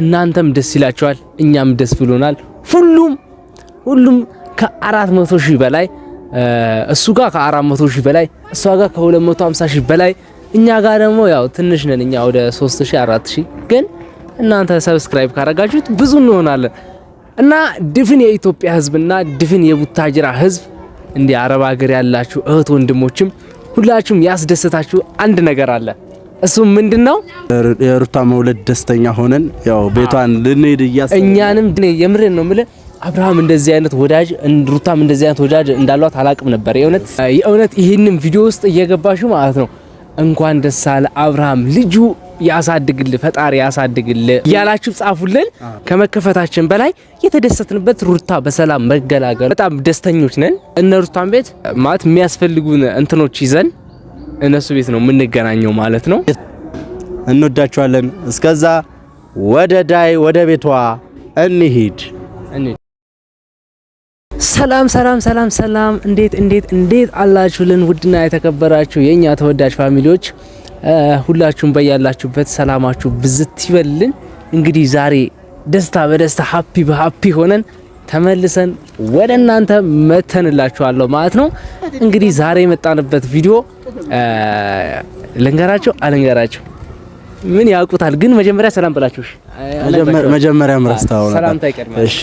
እናንተም ደስ ይላችኋል፣ እኛም ደስ ብሎናል። ሁሉም ሁሉም ከ መቶ ሺህ በላይ እሱ ጋር ከአራት መቶ ሺህ በላይ እሷ ጋር ከሁለት መቶ ሃምሳ ሺህ በላይ እኛ ጋር ደግሞ ያው ትንሽ ነን እኛ ወደ 3000 4000 ግን እናንተ ሰብስክራይብ ካረጋችሁት ብዙ እንሆናለን እና ድፍን የኢትዮጵያ ሕዝብና ድፍን የቡታጅራ ህዝብ እንዲህ አረብ ሀገር ያላችሁ እህት ወንድሞችም ሁላችሁም ያስደስታችሁ አንድ ነገር አለ። እሱም ምንድን ነው የሩታ መውለድ ደስተኛ ሆነን ያው ቤቷን ልንሄድ እያሰ እኛንም የምርን ነው የምልህ አብርሃም እንደዚህ አይነት ወዳጅ ሩታም እንደዚህ አይነት ወዳጅ እንዳሏት አላቅም ነበር። የእውነት የእውነት ይህንን ቪዲዮ ውስጥ እየገባችሁ ማለት ነው እንኳን ደስ አለ አብርሃም ልጁ ያሳድግል ፈጣሪ ያሳድግል እያላችሁ ጻፉልን። ከመከፈታችን በላይ የተደሰትንበት ሩታ በሰላም መገላገል በጣም ደስተኞች ነን። እነ ሩታን ቤት ማለት የሚያስፈልጉን እንትኖች ይዘን እነሱ ቤት ነው የምንገናኘው ማለት ነው። እንወዳቸዋለን። እስከዛ ወደ ዳይ ወደ ቤቷ እንሂድ። ሰላም ሰላም ሰላም ሰላም፣ እንዴት እንዴት እንዴት አላችሁልን? ውድና የተከበራችሁ የእኛ ተወዳጅ ፋሚሊዎች ሁላችሁም በያላችሁበት ሰላማችሁ ብዝት ይበልልን። እንግዲህ ዛሬ ደስታ በደስታ ሀፒ በሀፒ ሆነን ተመልሰን ወደ እናንተ መተንላችኋለሁ ማለት ነው። እንግዲህ ዛሬ የመጣንበት ቪዲዮ ልንገራቸው አልንገራቸው ምን ያውቁታል፣ ግን መጀመሪያ ሰላም ብላችሁሽ መጀመሪያ ምረስታው እሺ።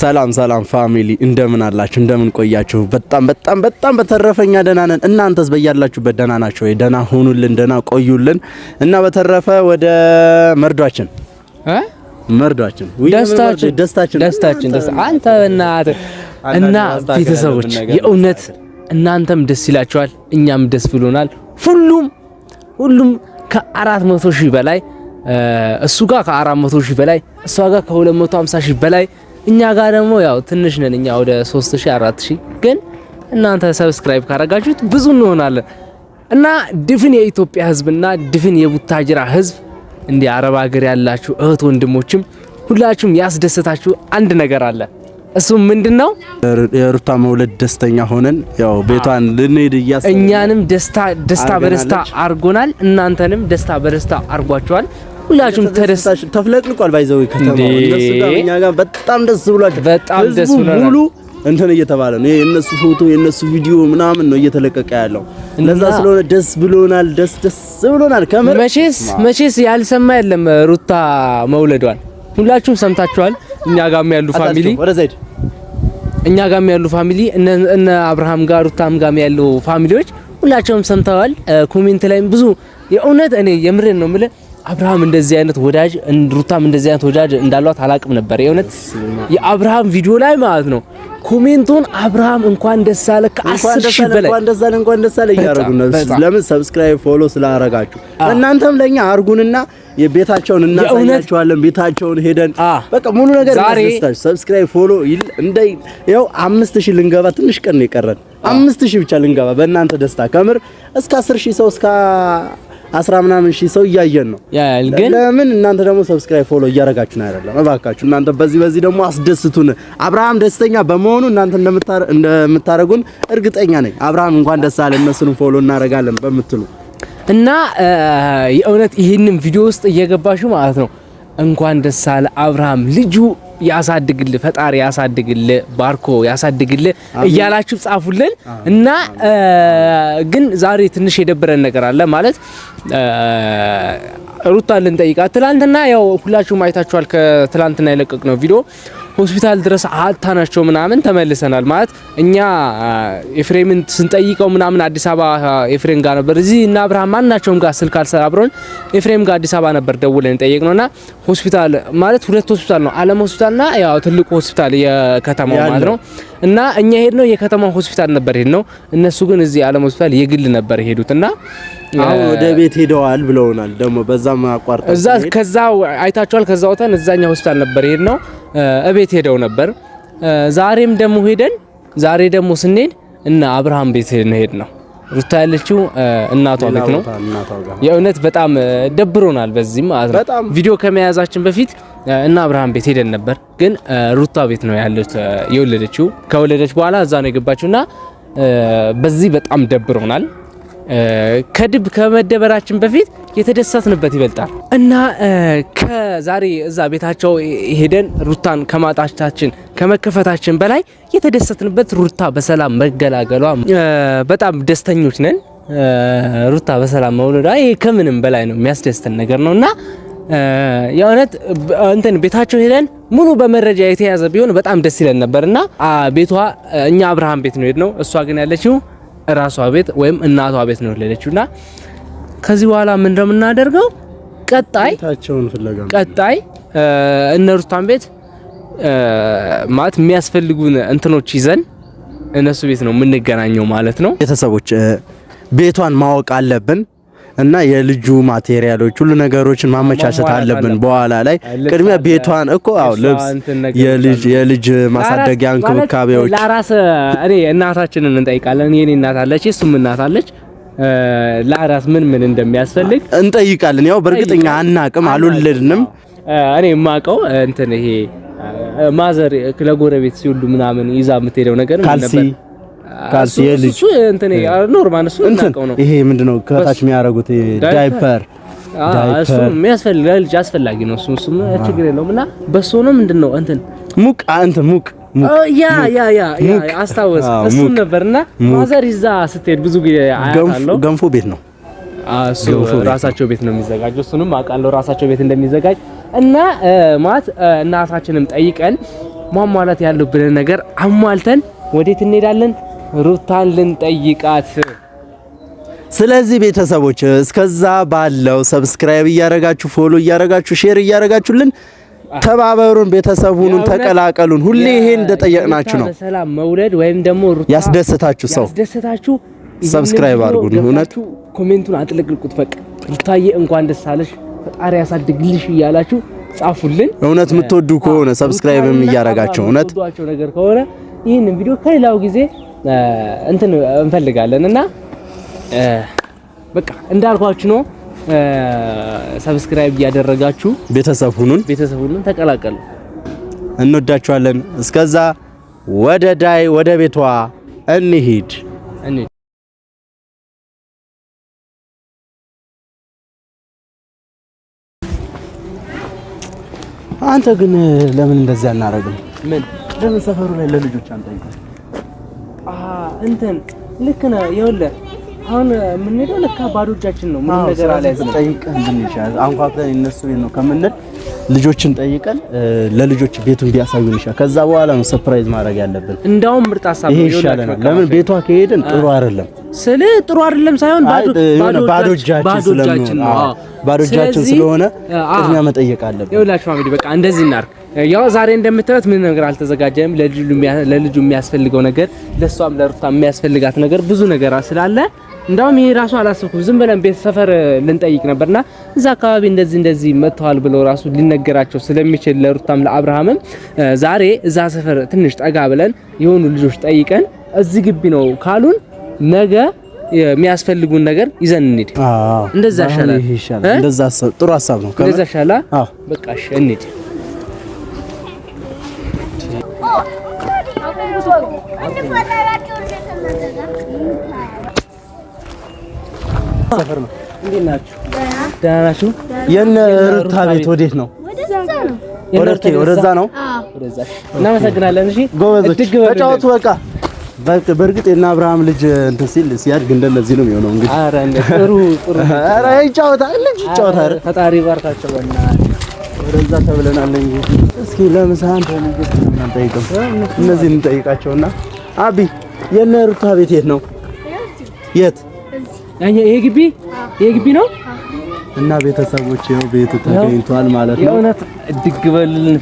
ሰላም ሰላም ፋሚሊ እንደምን አላችሁ? እንደምን ቆያችሁ? በጣም በጣም በጣም በተረፈኛ ደህና ነን። እናንተስ በያላችሁበት ደህና ናችሁ ወይ? ደህና ሆኑልን፣ ደህና ቆዩልን። እና በተረፈ ወደ መርዷችን መርዷችን ደስታችን ደስታችን አንተ እና እና ቤተሰቦች የእውነት እናንተም ደስ ይላችኋል፣ እኛም ደስ ብሎናል። ሁሉም ሁሉም ከ400 ሺህ በላይ እሱ ጋር ከ400 ሺህ በላይ እሷ ጋር ከ250 ሺህ በላይ እኛ ጋር ደግሞ ያው ትንሽ ነን እኛ ወደ 3000 4000 ግን እናንተ ሰብስክራይብ ካረጋችሁት ብዙ እንሆናለን እና ድፍን የኢትዮጵያ ሕዝብና ድፍን የቡታጅራ ህዝብ እንዲህ አረብ ሀገር ያላችሁ እህት ወንድሞችም ሁላችሁም ያስደስታችሁ አንድ ነገር አለ። እሱም ምንድን ነው የሩታ መውለድ ደስተኛ ሆነን ያው ቤቷን ልንሄድ እያሰ እኛንም ደስታ ደስታ በደስታ አርጎናል። እናንተንም ደስታ በደስታ አርጓችኋል። ሁላችሁም ተፍለቅልቋል። ባይዘው ከተማ እነሱ ጋር እኛ በጣም ደስ ብሏችሁ በጣም ደስ ብሏችሁ እንትን እየተባለ ነው የነሱ ፎቶ የነሱ ቪዲዮ ምናምን ነው እየተለቀቀ ያለው። ለዛ ስለሆነ ደስ ብሎናል፣ ደስ ደስ ብሎናል። ከመቼስ መቼስ መቼስ ያልሰማ የለም ሩታ መውለዷን ሁላችሁም ሰምታችኋል። እኛ ጋርም ያሉ ፋሚሊ እኛ ጋርም ያሉ ፋሚሊ እነ አብርሃም ጋር ሩታም ጋርም ያሉ ፋሚሊዎች ሁላቸውም ሰምተዋል። ኮሜንት ላይም ብዙ የእውነት እኔ የምሬን ነው የምልህ አብርሃም እንደዚህ አይነት ወዳጅ ሩታም እንደዚህ አይነት ወዳጅ እንዳሏት አላቅም ነበር። የእውነት የአብርሃም ቪዲዮ ላይ ማለት ነው ኮሜንቱን አብርሃም እንኳን ደስ አለ ከአስር ሺህ በላይ እንኳን ደስ አለ እንኳን ደስ አለ እያረጉ ነው። ለምን ሰብስክራይብ ፎሎ ስላረጋችሁ እናንተም ለኛ አርጉንና የቤታቸውን እናሳያቸዋለን። ቤታቸውን ሄደን በቃ ሙሉ ነገር እናስተስተሽ ሰብስክራይብ ፎሎ ይል እንደ ያው አምስት ሺህ ልንገባ ትንሽ ቀን ነው የቀረን። አምስት ሺህ ብቻ ልንገባ በእናንተ ደስታ ከምር እስከ አስር ሺህ ሰው እስከ አስራ ምናምን ሺህ ሰው እያየን ነው። ለምን እናንተ ደግሞ ሰብስክራይብ ፎሎ እያደረጋችሁ ነው አይደለም? እባካችሁ እናንተ በዚህ በዚህ ደግሞ አስደስቱን። አብርሃም ደስተኛ በመሆኑ እናንተ እንደምታረጉን እርግጠኛ ነኝ። አብርሃም እንኳን ደስ አለ እነሱን ፎሎ እናረጋለን በምትሉ እና የእውነት ይህንን ቪዲዮ ውስጥ እየገባችሁ ማለት ነው እንኳን ደስ አለ አብርሃም ልጁ ያሳድግል ፈጣሪ ያሳድግል ባርኮ ያሳድግል እያላችሁ ጻፉልን። እና ግን ዛሬ ትንሽ የደበረን ነገር አለ ማለት ሩታን ልንጠይቃት ትላንትና፣ ያው ሁላችሁም አይታችኋል። ከትላንትና የለቀቅነው ቪዲዮ ሆስፒታል ድረስ ናቸው ምናምን ተመልሰናል ማለት እኛ ኤፍሬምን ስንጠይቀው ምናምን አዲስ አበባ ኤፍሬም ጋር ነበር እዚህ እና አብርሃም ማናቸውም ጋር ስልክ አልሰራብሮን ኤፍሬም ጋር አዲስ አበባ ነበር ደውለን ጠየቅነውና ሆስፒታል ማለት ሁለት ሆስፒታል ነው አለም ና ያው ትልቁ ሆስፒታል የከተማው ማለት ነው እና እኛ ሄድ ነው የከተማው ሆስፒታል ነበር ሄድ ነው እነሱ ግን እዚህ አለም ሆስፒታል የግል ነበር ሄዱት እና አሁን ወደ ቤት ሄደዋል ብለውናል ደግሞ በዛ አቋርጠው እዛ ከዛው አይታቸዋል ከዛው ወተን እዛኛ ሆስፒታል ነበር ሄድ ነው እቤት ሄደው ነበር። ዛሬም ደግሞ ሄደን ዛሬ ደግሞ ስንሄድ እና አብርሃም ቤት ሄድ ነው ሩታ ያለችው እናቷ ቤት ነው። የእውነት በጣም ደብሮናል። በዚህ ማለት ነው ቪዲዮ ከመያዛችን በፊት እና አብርሃም ቤት ሄደን ነበር፣ ግን ሩታ ቤት ነው ያለች የወለደችው። ከወለደች በኋላ እዛ ነው የገባችው እና በዚህ በጣም ደብሮናል። ከድብ ከመደበራችን በፊት የተደሰትንበት ይበልጣል እና ከዛሬ እዛ ቤታቸው ሄደን ሩታን ከማጣታችን ከመከፈታችን በላይ የተደሰትንበት ሩታ በሰላም መገላገሏ በጣም ደስተኞች ነን። ሩታ በሰላም መውለዷ ይሄ ከምንም በላይ ነው የሚያስደስተን ነገር ነው እና የእውነት እንትን ቤታቸው ሄደን ሙሉ በመረጃ የተያዘ ቢሆን በጣም ደስ ይለን ነበር እና ቤቷ እኛ አብርሃም ቤት ነው ሄድ ነው እሷ ግን ያለችው እራሷ ቤት ወይም እናቷ ቤት ነው የወለደችው እና ከዚህ በኋላ ምን እንደምናደርገው ቀጣይ ቀጣይ እነሩታን ቤት ማለት የሚያስፈልጉን እንትኖች ይዘን እነሱ ቤት ነው የምንገናኘው ማለት ነው። ቤተሰቦች ቤቷን ማወቅ አለብን እና የልጁ ማቴሪያሎች ሁሉ ነገሮችን ማመቻቸት አለብን። በኋላ ላይ ቅድሚያ ቤቷን እኮ አው ልብስ፣ የልጅ የልጅ ማሳደጊያ እንክብካቤዎች ለራስ እኔ እናታችንን እንጠይቃለን። የኔ እናት አለች፣ እሱም እናት አለች። ለአራስ ምን ምን እንደሚያስፈልግ እንጠይቃለን። ያው በእርግጠኛ አናቅም፣ አልወለድንም። እኔ የማውቀው እንትን ይሄ ማዘር ለጎረቤት ሲውሉ ምናምን ይዛ የምትሄደው ነገር ካልሲ ካልሲ የልጅ እንትን ኖርማል እሱ እናውቀው ነው። ይሄ ምንድነው ከታች የሚያደርጉት ዳይፐር እሱ የሚያስፈልግ ለልጅ አስፈላጊ ነው። እሱ እሱም ችግር የለውም እና በሱ ነው ምንድነው እንትን ሙቅ እንትን ሙቅ ያ ያ ያ አስታወስ እሱን ነበርና ማዘር ይዛ ስትሄድ ብዙ ጊዜ አያታለሁ። ገንፎ ቤት ነው እሱ ራሳቸው ቤት ነው የሚዘጋጀው። እሱንም አውቃለሁ ራሳቸው ቤት እንደሚዘጋጅ እና ማለት እናታችንም ጠይቀን ማሟላት ያለብንን ነገር አሟልተን ወዴት እንሄዳለን? ሩታን ልንጠይቃት። ስለዚህ ቤተሰቦች እስከዛ ባለው ሰብስክራይብ እያረጋችሁ ፎሎ እያረጋችሁ ሼር እያረጋችሁልን ተባበሩን፣ ቤተሰቡን ተቀላቀሉን። ሁሌ ይሄ እንደጠየቅናችሁ ነው። ሰላም መውለድ ወይም ደግሞ ያስደስታችሁ ሰው ያስደስታችሁ፣ ሰብስክራይብ አድርጉን። እውነት ኮሜንቱን አጥልቅልቁት። በቃ ሩታዬ እንኳን ደስ አለሽ፣ ፈጣሪ ያሳድግልሽ እያላችሁ ጻፉልን። እውነት የምትወዱ ከሆነ ሰብስክራይብም እያረጋችሁ እውነት ነገር ከሆነ ይህን ቪዲዮ ከሌላው ጊዜ እንትን እንፈልጋለን እና በቃ እንዳልኳችሁ ነው። ሰብስክራይብ እያደረጋችሁ ቤተሰብ ሁኑን፣ ቤተሰብ ሁኑን፣ ተቀላቀሉ። እንወዳችኋለን። እስከዛ ወደ ዳይ ወደ ቤቷ እንሂድ። አንተ ግን ለምን እንደዚህ አናደርግም? ምን ለምን ሰፈሩ ላይ ለልጆች አንጠይቅም? አሃ እንትን ልክ ነህ። ይኸውልህ አሁን የምንሄደው ለካ ባዶ እጃችን ነው። ምን ነገር አለ ጠይቀን ብንሻል አንኳኩተን እነሱ ነው ከምንል ልጆችን ጠይቀን ለልጆች ቤቱን ቢያሳዩን ይሻል። ከዛ በኋላ ነው ሰርፕራይዝ ማድረግ ያለብን። እንዳውም ምርጥ ሀሳብ ነው ይሻለናል። ለምን ቤቷ ከሄድን ጥሩ አይደለም ስለ ጥሩ አይደለም ሳይሆን ባዶ እጃችን ባዶ እጃችን ስለሆነ ቅድሚያ መጠየቅ አለብን። ይኸውላችሁ ፋሚሊ በቃ እንደዚህ እናድርግ። ያው ዛሬ እንደምታዩት ምን ነገር አልተዘጋጀም። ለልጁ የሚያስፈልገው ነገር ለእሷም ለሩታ የሚያስፈልጋት ነገር ብዙ ነገር ስላለ እንዳውም ይሄ ራሱ አላሰብኩም። ዝም ብለን ቤት ሰፈር ልንጠይቅ ነበርና እዛ አካባቢ እንደዚህ እንደዚህ መጥተዋል ብሎ ራሱ ሊነገራቸው ስለሚችል ለሩታም ለአብርሃምም ዛሬ እዛ ሰፈር ትንሽ ጠጋ ብለን የሆኑ ልጆች ጠይቀን እዚህ ግቢ ነው ካሉን ነገ የሚያስፈልጉን ነገር ይዘን እንሂድ። እንደዛ ይሻላል። ጥሩ ሀሳብ ነው። እንደዛ ይሻላል። በቃ እሺ እንሂድ። ሰፈር ነው። እንዴት ናችሁ? ደህና ናችሁ? የእነ ሩታ ቤት ወዴት ነው? ወደዛ ነው። እናመሰግናለን። እሺ ጎበዞች ተጫወቱ። በቃ በእርግጥ የእነ አብርሃም ልጅ እንትን ሲል ሲያድግ እንደነዚህ ነው የሚሆነው። እንግዲህ ኧረ ጥሩ ጥሩ ኧረ ይጫወታል፣ ልጅ ይጫወታል። ፈጣሪ ባርካቸው። ወደዛ ተብለናል። እንግዲህ እስኪ ለምሳን ተነግጥ እንጠይቅም እንጠይቃቸውና አቢ የእነ ሩታ ቤት የት ነው? የት ይሄ ግቢ ይሄ ግቢ ነው እና ቤተሰቦች ይኸው ቤቱ ተገኝቷል ማለት ነው። የእውነት እድግ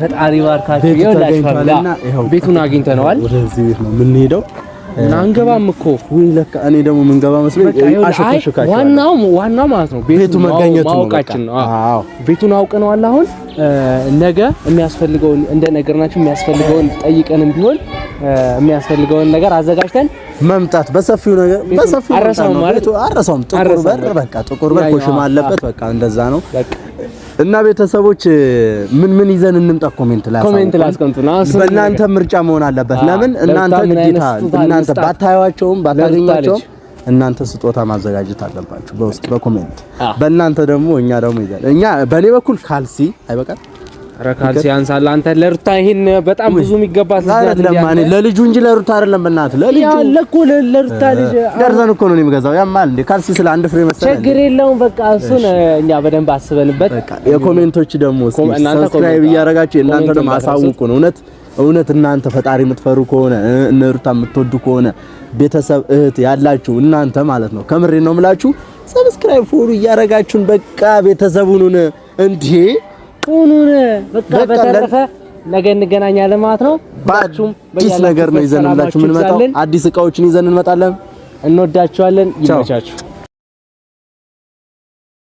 ፈጣሪ ባርካችሁ። ቤቱን አግኝተነዋል። ወደዚህ ቤት ነው የምንሄደው። አንገባም እኮ ለካ እኔ ደግሞ መስሎኝ ዋናው ዋናው ማለት ነው ቤቱ መገኘቱ ማወቃችን ነው። አዎ ቤቱን አውቀነዋል። አሁን ነገ የሚያስፈልገውን እንደ ነገርናችሁ የሚያስፈልገውን ጠይቀንም ቢሆን የሚያስፈልገውን ነገር አዘጋጅተን መምጣት በሰፊው ነገር በሰፊው አረሳው ማለት አረሳውም። ጥቁር በር በቃ ጥቁር በር ኮሽማ አለበት። በቃ እንደዛ ነው። እና ቤተሰቦች ምን ምን ይዘን እንምጣ? ኮሜንት ላይ ኮሜንት ላይ አስቀምጡና በእናንተ ምርጫ መሆን አለበት። ለምን እናንተ ግዴታ እናንተ ባታዩዋቸውም ባታገኛቸውም እናንተ ስጦታ ማዘጋጀት አለባችሁ በውስጥ በኮሜንት በእናንተ ደግሞ እኛ ደግሞ ይዘን እኛ በእኔ በኩል ካልሲ አይበቃል ረካል ሲያንስ አለ አንተ ለሩታ ይሄን በጣም ብዙ የሚገባት ለልጁ እንጂ ለሩታ አይደለም። እናት ለልጁ ያለ እኮ ለሩታ ልጅ ደርዘን እኮ ነው የሚገዛው። ያማል እንዴ ካልሲ ስለ አንድ ፍሬ መሰለኝ። ችግር የለውም በቃ እሱን እኛ በደንብ አስበንበት። የኮሜንቶች ደግሞ ሰብስክራይብ እያደረጋችሁ እናንተ ደግሞ አሳውቁ ነው እውነት እውነት እናንተ ፈጣሪ የምትፈሩ ከሆነ እነ ሩታ የምትወዱ ከሆነ ቤተሰብ እህት ያላችሁ እናንተ ማለት ነው። ከምሬ ነው የምላችሁ ሰብስክራይብ ፎሎ እያደረጋችሁን በቃ ቤተሰቡን እንዲህ ጡኑን በቃ በተረፈ ነገ እንገናኛለን ማለት ነው። በአዲስ ነገር ነው ይዘንላችሁ የምንመጣው። አዲስ እቃዎችን ይዘን እንመጣለን። እንወዳችኋለን። ይመቻችሁ።